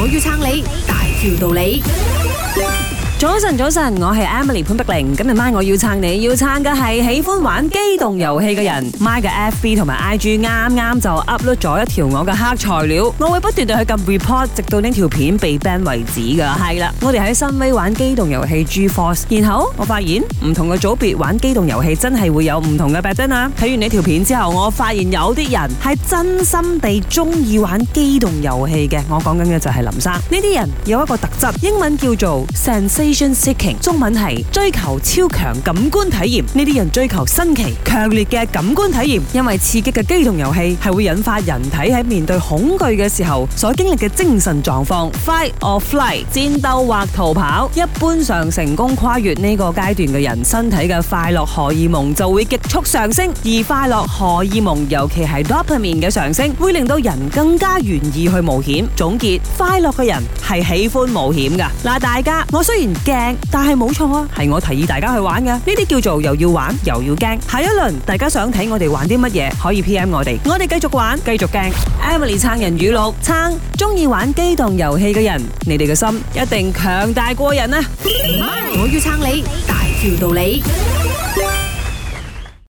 我要撐你，大條道理。早晨，早晨，我係 Emily 潘碧玲。今日 MY 我要撐你要撐嘅係喜歡玩機動遊戲嘅人。MY 嘅 FB 同埋 IG 啱啱就 upload 咗一條我嘅黑材料，我會不斷地去撳 report，直到呢條片被 ban 為止噶。係啦，我哋喺 Sunway 玩機動遊戲 G Force，然後我發現唔同嘅組別玩機動遊戲真係會有唔同嘅 pattern 啊！睇完呢條片之後，我發現有啲人係真心地中意玩機動遊戲嘅。我講緊嘅就係林生。呢啲人有一個特質，英文叫做 sense。中文係追求超強感官體驗，呢啲人追求新奇、強烈嘅感官體驗，因為刺激嘅機動遊戲係會引發人體喺面對恐懼嘅時候所經歷嘅精神狀況。Fight or flight，戰鬥或逃跑。一般上成功跨越呢個階段嘅人，身體嘅快樂荷爾蒙就會急速上升，而快樂荷爾蒙尤其係 dopamine 嘅上升，會令到人更加願意去冒險。總結，快樂嘅人係喜歡冒險噶。嗱，大家，我雖然驚，但係冇錯啊，係我提議大家去玩嘅，呢啲叫做又要玩又要驚。下一輪大家想睇我哋玩啲乜嘢，可以 PM 我哋，我哋繼續玩，繼續驚。Emily 撐人語錄，撐中意玩機動遊戲嘅人，你哋嘅心一定強大過人啊！Hi, 我要撐你，大條道理。